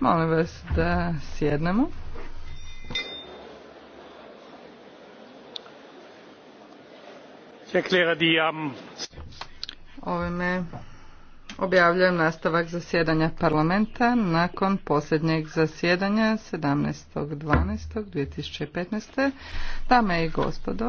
Molim vas da sjednemo. Ovime objavljujem nastavak zasjedanja parlamenta nakon posljednjeg zasjedanja 2015. Dame i gospodo,